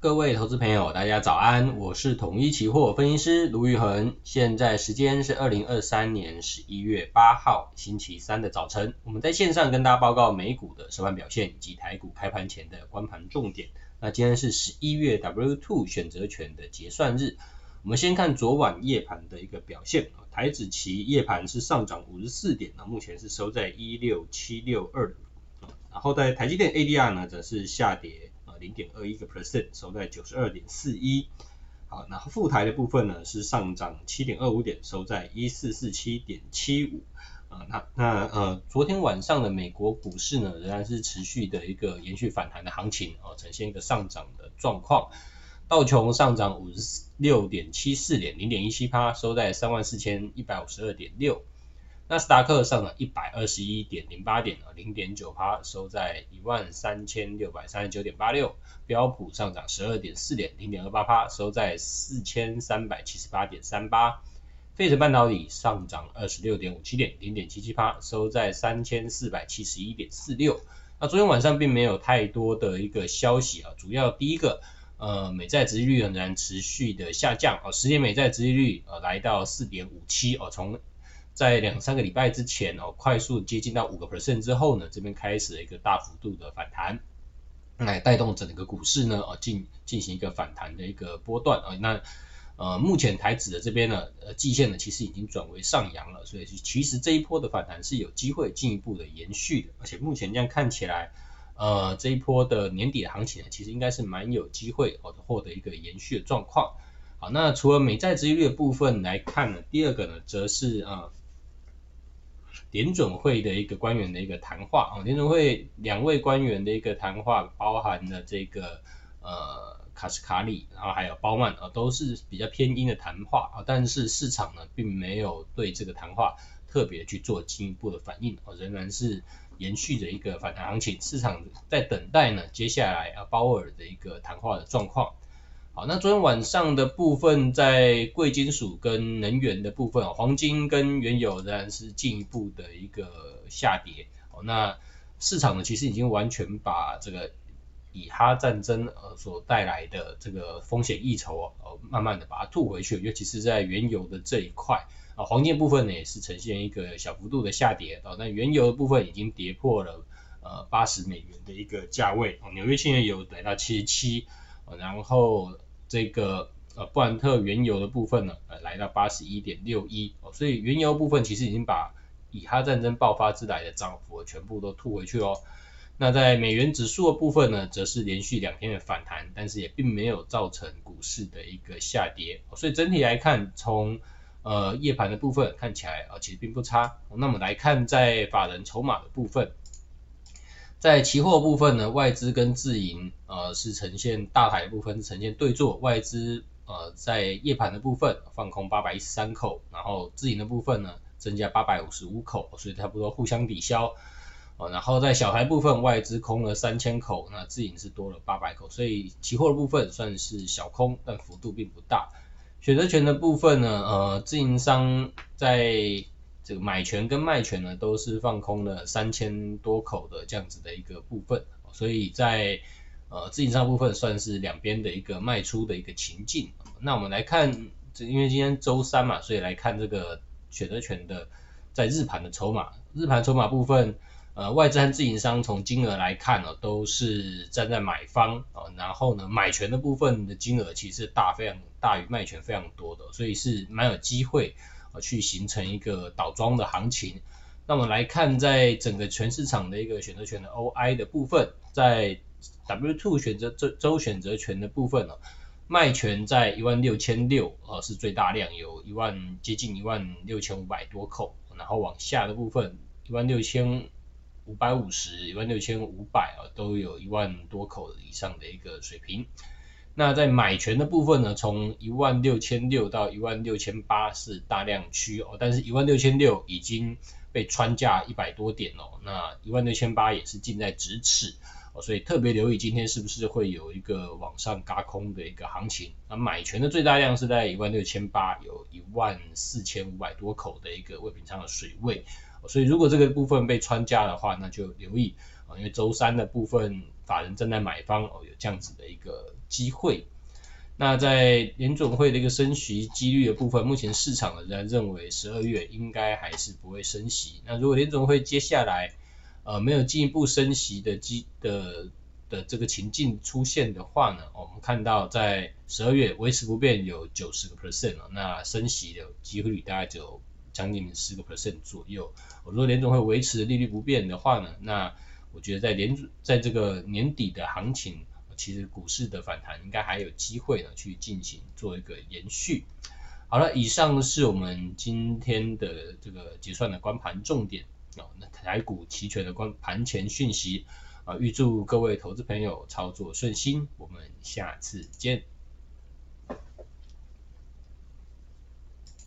各位投資朋友，大家早安，我是統一期貨分析師盧昱衡，現在時間是二零二三年十一月八號星期三的早晨，我們在線上跟大家報告美股的收盤表現以及台股開盤前的關盤重點。那今天是十一月 W2 選擇權的結算日，我們先看昨晚夜盤的一個表現，台指期夜盤是上漲五十四點，目前是收在一六七六二，然後在台積電 ADR 呢則是下跌。零點二一個 percent 收在九十二點四一，好，那富台的部分呢是上漲七點二五點，收在一四四七點七五，啊、呃，那那呃昨天晚上的美國股市呢仍然是持續的一個延續反彈的行情哦、呃，呈現一個上漲的狀況，道瓊上漲五十六點七四點零點一七趴，收在三萬四千一百五十二點六。納斯達克上漲一百二十一點零八點，零點九趴，收在一萬三千六百三十九點八六。標普上漲十二點四點，零點二八趴，收在四千三百七十八點三八。費城半導體上漲二十六點五七點，零點七七趴，收在三千四百七十一點四六。那昨天晚上並沒有太多的一個消息啊，主要第一個，呃，美債殖利率仍然持續的下降，哦，十年美債殖利率呃來到四點五七哦，從。在兩三個禮拜之前哦，快速接近到五個 percent 之後呢，這邊開始了一個大幅度的反彈，來帶動整個股市呢啊進進行一個反彈的一個波段啊、哦。那呃目前台指的這邊呢，呃季線呢其實已經轉為上揚了，所以其實這一波的反彈是有機會進一步的延續的，而且目前這樣看起來，呃這一波的年底的行情呢，其實應該是蠻有機會獲得一個延續的狀況。好，那除了美債殖利率的部分來看呢，第二個呢則是啊。呃聯準會的一個官員的一個談話啊，聯準會兩位官員的一個談話包含了這個呃卡什卡利，然後還有鮑曼啊，都是比較偏鷹的談話啊，但是市場呢並沒有對這個談話特別去做進一步的反應啊，仍然是延續着一個反彈行情，市場在等待呢接下來啊鮑爾的一個談話的狀況。好，那昨天晚上的部分，在貴金屬跟能源的部分黃金跟原油仍然是進一步的一個下跌。哦，那市場呢，其實已經完全把這個以哈戰爭呃所帶來的這個風險溢酬哦，慢慢的把它吐回去，尤其是在原油的這一塊啊，黃金部分呢也是呈現一個小幅度的下跌。哦，但原油的部分已經跌破了呃八十美元的一個價位。紐約現在有來到七十七，然後。這個呃布蘭特原油的部分呢，呃來到八十一點六一哦，所以原油部分其實已經把以哈戰爭爆發之來的漲幅全部都吐回去哦。那在美元指數的部分呢，則是連續兩天的反彈，但是也並沒有造成股市的一個下跌哦。所以整體來看，從呃夜盤的部分看起來啊，呃，其實並不差哦。那麼來看在法人籌碼的部分。在期貨部分呢，外資跟自營，呃，是呈現大台的部分是呈現對坐，外資呃在夜盤的部分放空八百一十三口，然後自營的部分呢增加八百五十五口，所以差不多互相抵消，呃。然後在小台部分，外資空了三千口，那自營是多了八百口，所以期貨的部分算是小空，但幅度並不大。選擇權的部分呢，呃，自營商在這個買權跟賣權呢，都是放空了三千多口的這樣子的一個部分，所以在呃自營商部分算是兩邊的一個賣出的一個情境。那我們來看，這因為今天週三嘛，所以來看這個選擇權的在日盤的籌碼，日盤籌碼部分，呃外資和自營商從金額來看呢、哦，都是站在買方，哦、然後呢買權的部分的金額其實大非常大於賣權非常多的，所以是蠻有機會。去形成一個倒裝的行情。那麼來看，在整個全市場的一個選擇權的 OI 的部分，在 W2 選擇週週選擇權的部分呢、啊，賣權在一萬六千六啊是最大量，有一萬接近一萬六千五百多口，然後往下的部分一萬六千五百五十、一萬六千五百啊都有一萬多口以上的一個水平。那在買權的部分呢，從一萬六千六到一萬六千八是大量區哦，但是一萬六千六已經被穿價一百多點哦，那一萬六千八也是近在咫尺哦，所以特別留意今天是不是會有一個往上軋空的一個行情。那買權的最大量是在一萬六千八，有一萬四千五百多口的一個未平倉的水位，所以如果這個部分被穿價的話，那就留意。因為週三的部分法人正在買方哦，有這樣子的一個機會。那在聯準會的一個升息機率的部分，目前市場仍然認為十二月應該還是不會升息。那如果聯準會接下來呃沒有進一步升息的機的的，的這個情境出現的話呢，哦、我們看到在十二月維持不變有九十個 percent，那升息的機會率大概就將近十個 percent 左右，哦。如果聯準會維持利率不變的話呢，那我覺得在年在這個年底的行情，其實股市的反彈應該還有機會呢，去進行做一個延續。好了，以上是我們今天的這個結算的觀盤重點啊。那台股期權的觀盤前訊息啊，預祝各位投資朋友操作順心，我們下次見。